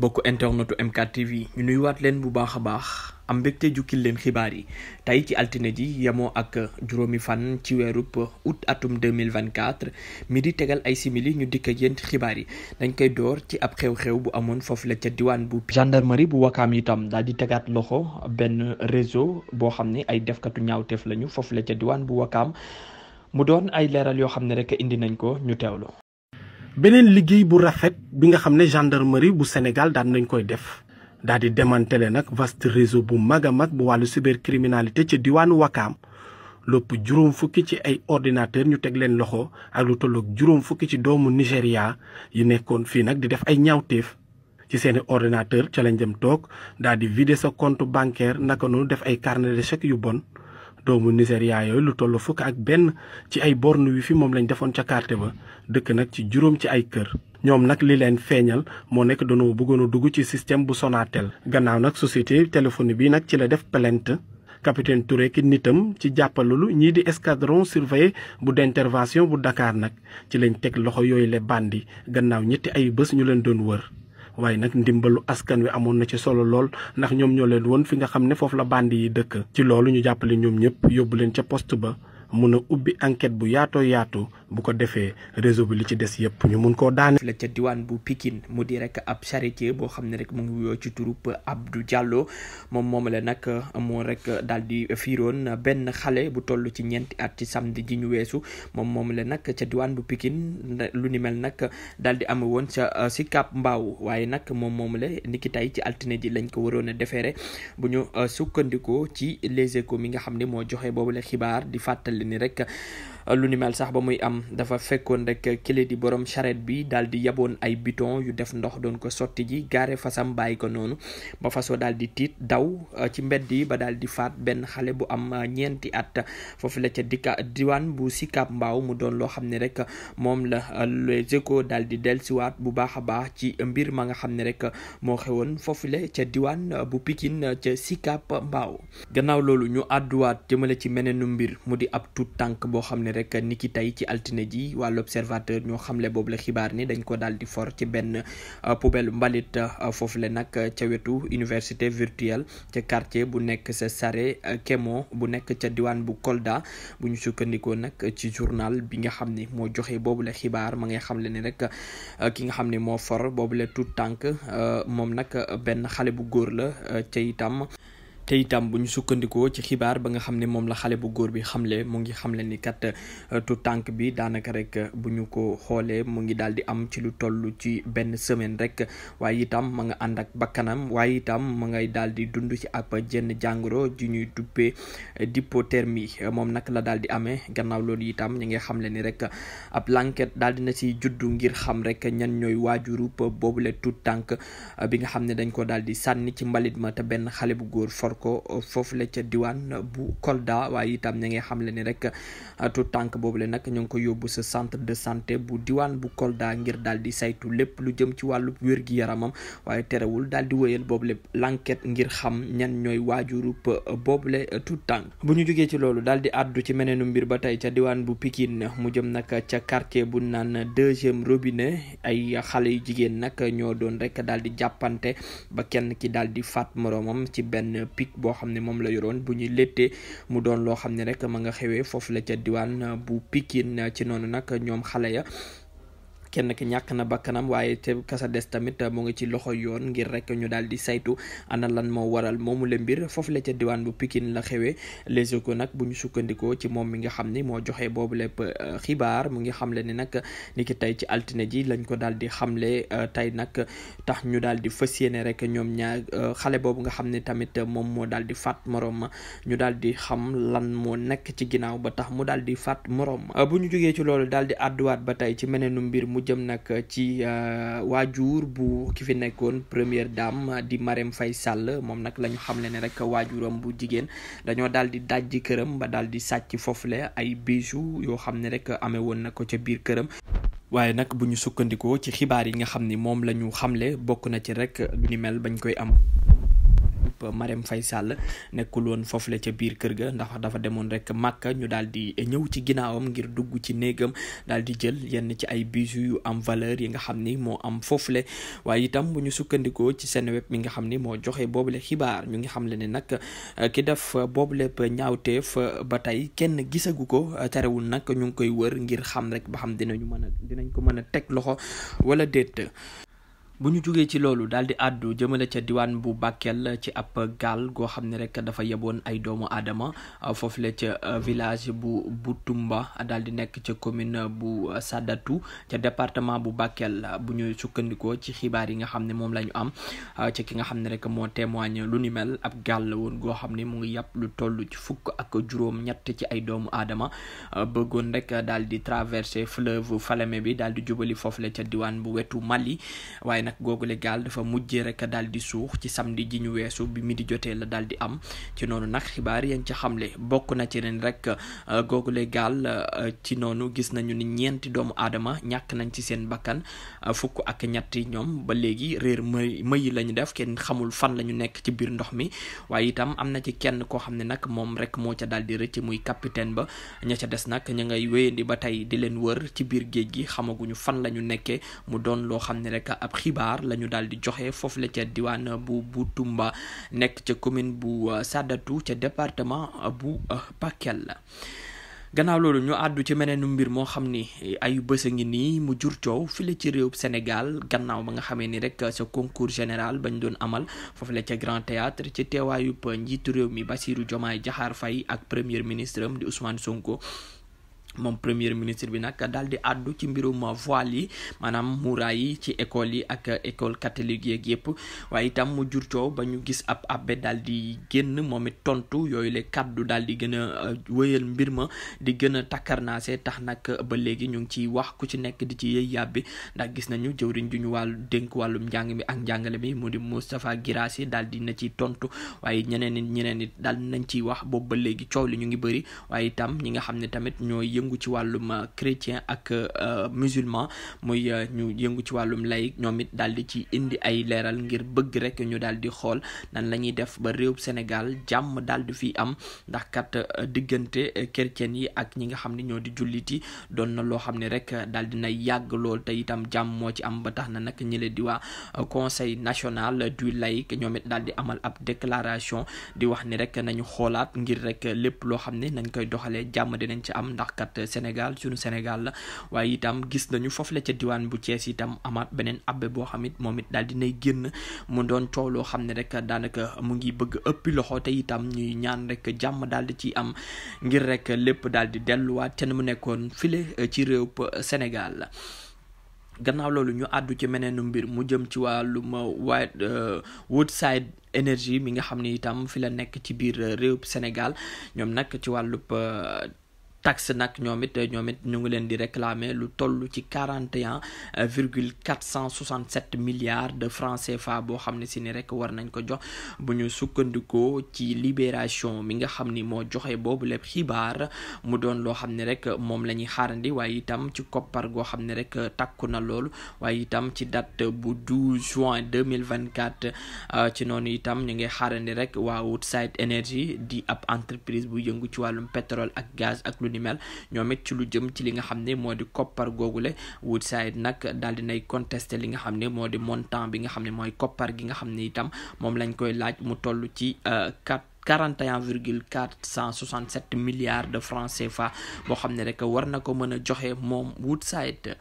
bokk internetu M4 TV ñu nuyuwaat leen bu baax a baax am mbégte jukkil leen xibaar yi tey ci altine ji yemoo ak juróomi fan ci weeru weerub août atum 2024 mi di tegal ay simili ñu dikk ak yéen xibaar yi dañ koy door ci ab xew-xew bu amoon foofu la ca diwaan bu gendarmerie bu wakaam itam daal di tegaat loxo benn réseau boo xam ne ay defkatu ñaawteef lañu foofu la ca diwaan bu wakaam mu doon ay leeral yoo xam ne rek indi nañ ko ñu teewlu beneen liggéey bu rafet bi nga xam ne gendarmerie bu Sénégal daan nañ koy def daal di démanteler nag vaste réseau bu mag a mag bu wàllu cybercriminalité ci diwaanu Wakaam lopp juróom fukki ci ay ordinateur ñu teg leen loxo ak lu tolloog juróom fukki ci doomu Nigéria yi nekkoon fii nag di def ay ñaawteef ci seeni ordinateur ca lañ dem toog daal di vider sa compte bancaire naka noonu def ay carnet de chèque yu bon doomu Nigéria yooyu lu toll fukk ak benn ci ay borne wifi moom lañ defoon ca carte ba dëkk nag ci juróom ci ay kër. ñoom nag li leen feeñal moo nekk dañoo bëggoon a dugg ci système bu Sonatel gannaaw nag société téléphone bi nag ci la def plainte capitaine ture ki nitam ci jàppalulu ñii di escadron surveillé bu intervention bu Dakar nag ci lañ teg loxo yooyu le bandi gannaaw ñetti ay bés ñu leen doon wër. waaye nag ndimbalu askan wi amoon na ci solo lool ndax ñoom ñoo leen woon fi nga xam ne foofu la bandi yi dëkk ci loolu ñu jàppale ñoom ñëpp yóbbu leen ca post ba mun a ubbi enquête bu yaatoo yaatu bu ko defee réseau bi lu ci des yëpp ñu mun koo daane ca diwaan bu Pikine mu di rek ab charretier boo xam ne rek mu ngi wuyoo ci turub Abdou Diallo moom moom la nag moo rek daal di fiiroon benn xale bu toll ci ñeenti at ci samedi ji ñu weesu moom moom la nag ca diwaan bu pikin lu ni mel nag daal di am woon ca si Cap Mbao waaye nag moom moom la niki tey ci altine ji lañ ko waroon a defeere bu ñu sukkandikoo ci Les Échos mi nga xam ne moo joxe boobu la xibaar di fàttali ni rek lu ni mel sax ba muy am dafa fekkoon rek kile di boroom charrette bi daal di yaboon ay bidon yu def ndox doon ko sotti ji gaare fasam bàyyi ko noonu ba faso daal di tiit daw euh, ci mbedd yi ba daal di faat benn xale bu am euh, ñeenti at foofu la ca dika diwaan bu Sicap mbaaw mu doon loo xam ne rek moom la euh, Les Échos daal di dellusiwaat bu baax a baax ci mbir ma nga xam ne rek moo xewoon foofu la ca diwaan bu Pikine ca Sicap Mbao gannaaw loolu ñu àdduwaat jëmale ci meneenu mbir mu di ab tuut boo xam ne ne rek tey ci altine ji waa l'observateur ñoo xamle boobu la xibaar ni dañ ko daal di for ci benn euh, poubelle mbalit euh, foofu le nag euh, ca wetu université virtuelle ca quartier bu nekk sa Sare Kemo bu nekk ca diwaan bu Kolda bu ñu sukkandikoo nag ci journal bi nga xam ni moo joxe boobu la xibaar ma ngay xam xamle ni rek ki nga xam ne moo for boobu la tout tànk moom nag benn xale bu góor la ca itam te itam bu ñu sukkandikoo ci xibaar ba nga xam ne moom la xale bu góor bi xamle mu ngi xamle ni kat euh, tu tànk bi daanaka rek euh, bu ñu ko xoolee mu ngi daal di am ci lu toll ci benn semaine rek waaye itam ma nga ànd ak bakkanam waaye itam ma ngay daal di dund ci ab jenn jàngoro ji ñuy duppee d'hypothermie moom nag la daal di amee gannaaw loolu itam ñu ngi xamle ni rek ab l'enquête daal di na si juddu ngir xam rek ñan ñooy waajuru waajurub boobule tu tànk euh, bi nga xam ne dañ ko daal di sànni ci mbalit benn xale bu góor ko foofu la ca diwaan bu Kolda waaye itam ña ngi xamle ni rek tout tànk boobu la nag ñu ngi ko yóbbu sa centre de santé bu diwaan bu Kolda ngir daal di saytu lépp lu jëm ci wàllu wér gi yaramam waaye terewul daal di wëyal boobu lépp ngir xam ñan ñooy waajurub boobule tout tànk bu ñu jógee ci loolu daal di àddu ci meneenu mbir ba tey ca diwaan bu na mu jëm nag ca quartier bu naan deuxième robinet ay xale yu jigéen nag ñoo doon rek daal di jàppante ba boo xam ne moom la yoroon bu ñuy léttee mu doon loo xam ne rek ma nga xewee foofu la ca diwaan bu Pikine ci noonu nag ñoom xale ya kenn ki ñàkk na bakkanam waaye te kasa des tamit mu ngi ci loxo yoon ngir rek ñu daal di saytu ana lan moo waral moomu la mbir foofu la ca diwaan bu Pikine la xewee les échos nag bu ñu sukkandikoo ci moom mi nga xam ni moo joxe boobu lépp euh, xibaar mu ngi xamle ni nag ni tey ci altine ji lañ ko daal di xamle euh, tey nag tax ñu daal di fas yéene rek ñoom ñaar euh, xale boobu nga xam ne tamit moom moo daal di faat moroom ñu daal di xam lan moo nekk ci ginnaaw ba tax mu daal di faat moroom bu ñu jógee loolu daal àdduwaat ba tey ci meneenu mbir mu jëm nag ci euh, waajur bu ki fi nekkoon première dame di Marème fay sàll moom nag la ñu xamle ne rek waajuram bu jigéen dañoo daal di dajji këram ba daal di sàcc foofule ay bijoux yoo xam ne rek amee woon na ko ca biir këram. waaye nag bu ñu sukkandikoo ci xibaar yi nga xam ni moom la ñu xamle bokk na ci rek lu ni mel bañ koy am. Marème fay Sall nekkul woon foofule ca biir kër ga ndax dafa demoon rek màkk ñu daal di ñëw ci ginnaawam ngir dugg ci néegam daal di jël yenn ci ay bijoux yu am valeur yi nga xam ni moo am foofule waaye itam bu ñu sukkandikoo ci seen web mi nga xam ni moo joxee boobule xibaar ñu ngi xam le ne nag euh, ki def boobule ñaawteef euh, ba tey kenn gisagu ko euh, terewul nag ñu ngi koy wër ngir xam rek ba xam dinañu mën a dinañ ko mën a teg loxo wala déet bu ñu jógee ci loolu daal di àddu jëmale ca diwaan bu Bakel ci ab gaal goo xam ne rek dafa yeboon ay doomu aadama euh, foofule ca euh, village bu Butumba daal di nekk ca commune bu Sadatou ca département bu Bakel bu ñu sukkandikoo ci xibaar yi nga xam ne moom la ñu am euh, ci ki nga xam ne rek moo témoigne lu nu mel ab gaal la woon goo xam ne mu ngi yàpp lu toll ci fukk ak juróom-ñett ci ay doomu aadama bëggoon rek daal di traverser fleuve Falémé bi daal di jubali foofule ca diwaan bu wetu Mali nag googu la gaal dafa mujjee rek daal di suux ci samedi ji ñu weesu bi di jotee la daal di am ci noonu nag xibaar yañ ci xamle bokk na ci ren rek euh, googu la gaal euh, ci noonu gis nañu ni ñeenti doomu aadama ñàkk nañ ci seen bakkan euh, fukk ak ñetti ñoom ba léegi réer may mayi lañu def kenn xamul fan la ñu nekk ci biir ndox mi waaye itam am na ci kenn koo xam ne nag moom rek moo ca daal di rëcc muy capitaine ba ña ca des nag ña ngay wéyandi ba tey di leen wër ci biir géej gi xamaguñu fan xibaar la ñu daal di joxe foofu la ca diwaan bu bu Tumba nekk ca commune bu euh, Sadatou ca département euh, bu euh, la gannaaw loolu ñu àddu ci meneenu mbir moo xam ni ay bës a ngi nii mu jur coow file ci réew Sénégal gannaaw ba nga xamee ni rek sa concours général bañ doon amal foofu la ca Grand Théâtre ci teewaayub njiitu réew mi Bassirou Diomaye Diakhar fay ak premier ministre am di Ousmane Sonko moom premier ministre bi nag daal di àddu ci mbirum voile yi maanaam muuraay yi ci école yi ak école catholique yeeg yëpp waaye itam mu jur ba ñu gis ab abbé daal di génn moom it tontu yooyu le kàddu daal di gën a euh, wëyal mbir ma di gën a takkarnaase tax nag ba léegi ñu ngi ciy wax ku ci nekk di ci yëy ndax gis nañu jëwriñ ju ñu wàllu dénk wàllum njàng mi ak njàngale mi mu di Moustapha Guirassy daal di na ci tontu waaye ñeneen ñeneen it daal nañ ciy wax léegi coow ñu ngi bëri waaye itam ñi nga xam ne tamit ñooy yëngu ci wàllum euh, chrétien ak euh, musulman muy euh, ñu yëngu ci wàllum laïc ñoom it daal di ci indi ay leeral ngir bëgg rek ñu daal di xool nan la ñuy def ba réew Sénégal jàmm daal di fi am ndax kat diggante chrétien yi ak ñi nga xam ne ñoo di jullit yi doon na loo xam ne rek dal di na yàgg lool te itam jàmm moo ci am ba tax na nag ñi leen di waa conseil national du laïc ñoom it daal di amal ab déclaration di wax ni rek nañu xoolaat ngir rek lépp loo xam ne nañ koy doxalee jàmm dinañ ci am ndax kat senegal Sénégal sunu Sénégal la waaye itam gis nañu foofu le ca diwaan bu Thiès itam amaat beneen abbé boo xam it moom it daal dinay génn mu doon coow loo xam ne rek daanaka mu ngi bëgg ëppi loxo te itam ñuy ñaan rek jàmm daal di ci am ngir rek lépp daal di delluwaat te mu nekkoon file eh, ci réew Sénégal gannaaw loolu ñu àddu ci meneenu mbir mu jëm ci wàllum eh, White eh, Woodside énergie mi nga xam ne itam fi la nekk ci biir réew senegal ñoom nag ci wàllub taxe nag ñoom it ñoom ñu ngi leen di réclamer lu toll ci quarante et virgule quatre cent soixante sept milliards de francs CFA boo xam ne si ni rek war nañ ko jox bu ñu sukkandikoo ci libération mi nga xam ni moo joxe boobu lépp xibaar mu doon loo xam ne rek moom la ñuy xaarandi waaye itam ci koppar goo xam ne rek takku na loolu waaye itam ci date bu 12 juin 2024 euh, ci noonu itam ñu ngi xaarandi rek waa Woodside Energy di ab entreprise bu yëngu ci wàllum pétrole ak gaz ak lu lu ni mel ñoom it ci lu jëm ci li nga xam ne moo di koppar googule Woodside nag daal di nay contesté li nga xam ne moo di montant bi nga xam ne mooy koppar gi nga xam ni itam moom lañ koy laaj mu toll ci euh, quatre. 41 virgule 467 milliards de français CFA boo xam ne rek war na ko mën a joxe moom Woodside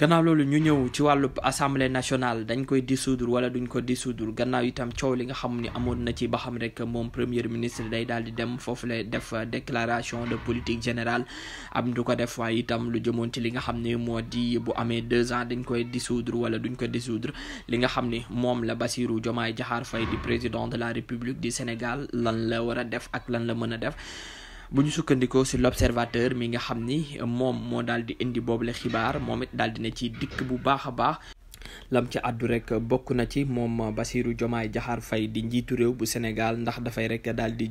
gannaaw loolu ñu ñëw ci wàllu assemblée nationale dañ koy dissoudre wala duñ ko dissoudre gannaaw itam coow li nga xam ni amoon na ci ba xam rek moom premier ministre day daal di dem foofu la def déclaration de politique générale am du ko def waaye itam lu jëmoon ci li nga xam ne moo di bu amee deux ans dañ koy dissoudre wala duñ ko dissoudre li nga xam ni moom la Bassirou Diomaye jaxaar fay di président de la République du Sénégal lan la war a def ak lan la mën a def bu ñu sukkandiku si l'observateur mi nga xam ni moom moo daal di indi boobule xibaar moom it daal dina ci dikk bu baax a baax lam ci àddu rek bokk na ci moom basiiru jomaay Diakhar fay di njiitu réew bu Sénégal ndax dafay rek daal di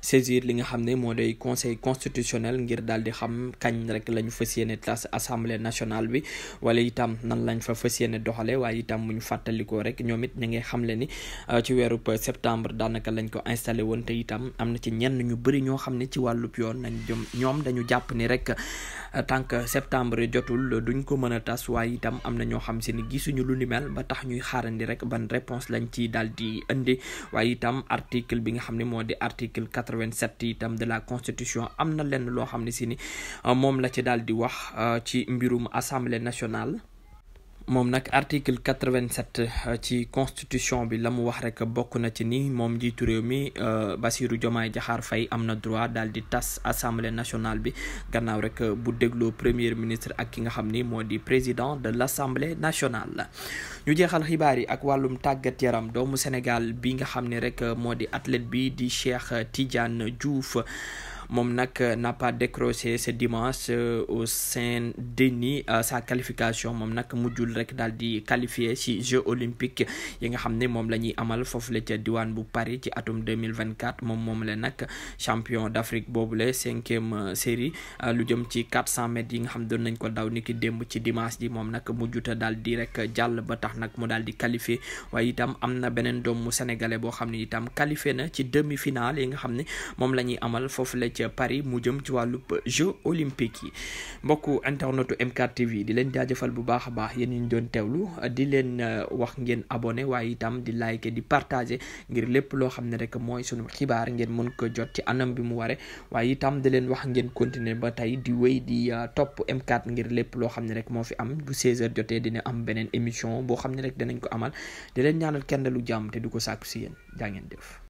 saisir li nga xam ne moo day conseil constitutionnel ngir daal di xam kañ rek la ñu fas yéene tas assemblée nationale bi wala itam nan lañ fa fas yéene doxale waaye itam mu ñu fàttalikoo rek ñoom it ñu ngi xamle ni euh, ci weeru septembre daanaka lañ ko installé woon te itam am na ci ñenn ñu bëri ñoo xam ne ci wàllu yoon nañ jëm ñoom dañu jàpp ni rek Euh, tànk septembre jotul duñ ko mën a tas waaye itam am na ñoo xam si ni gisuñu lu ni ba tax ñuy xaarandi rek ban réponse lañ ci daal di indi waaye itam article bi nga xam ne moo di article quatre-vingt-sept itam de la constitution am na lenn loo xam ne si ni euh, moom la ci daal di wax euh, ci mbirum assemblée nationale moom nag article quatre-vingt-sept euh, ci constitution bi la mu wax rek bokk na ci ni moom njiitu réew mi euh, Bassirou Diomaye Diakhar fay am na droit daal di tas assemblée nationale bi gannaaw rek euh, bu dégloo premier ministre ak ki nga xam ni moo di président de l' assemblée nationale. ñu jeexal xibaar yi ak wàllum tàggat yaram doomu Sénégal bi nga xam ne rek moo di athlète bi di Cheikh Tidiane Diouf. moom nag euh, n'a pas décroché ce dimanche euh, au Saint-Denis sa qualification moom nag mujjul rek daal di qualifier ci Jeux olympiques yi nga xam ne moom la ñuy amal foofu la ca diwaan bu Paris ci atum 2024 moom moom la nag champion d'Afrique boobule cinquième euh, série lu jëm ci 400 mètres yi nga xam doon nañ ko daw niki démb ci dimanche ji moom nag mujjuta dal di rek jàll ba tax nag mu daal di qualifié waaye itam am na beneen doomu sénégalais boo xam ne itam qualifié na ci demi-finale yi nga xam ne ca Paris mu jëm ci wàllub Jeux olympiques yi mbokku internetu M4 TV di leen jaajëfal bu baax a baax yéen ñu doon teewlu di leen euh, wax ngeen abone waaye itam di like di partager ngir lépp loo xam ne rek mooy sunu xibaar ngeen mën ko jot ci anam bi mu ware waaye itam di leen wax ngeen continuer ba tey di wéy di euh, topp m ngir lépp loo xam ne rek moo fi am bu 16 jotee dina am beneen émission boo xam ne rek danañ ko amal di leen ñaanal kenn lu jàmm te du ko sàkku si yéen jaa def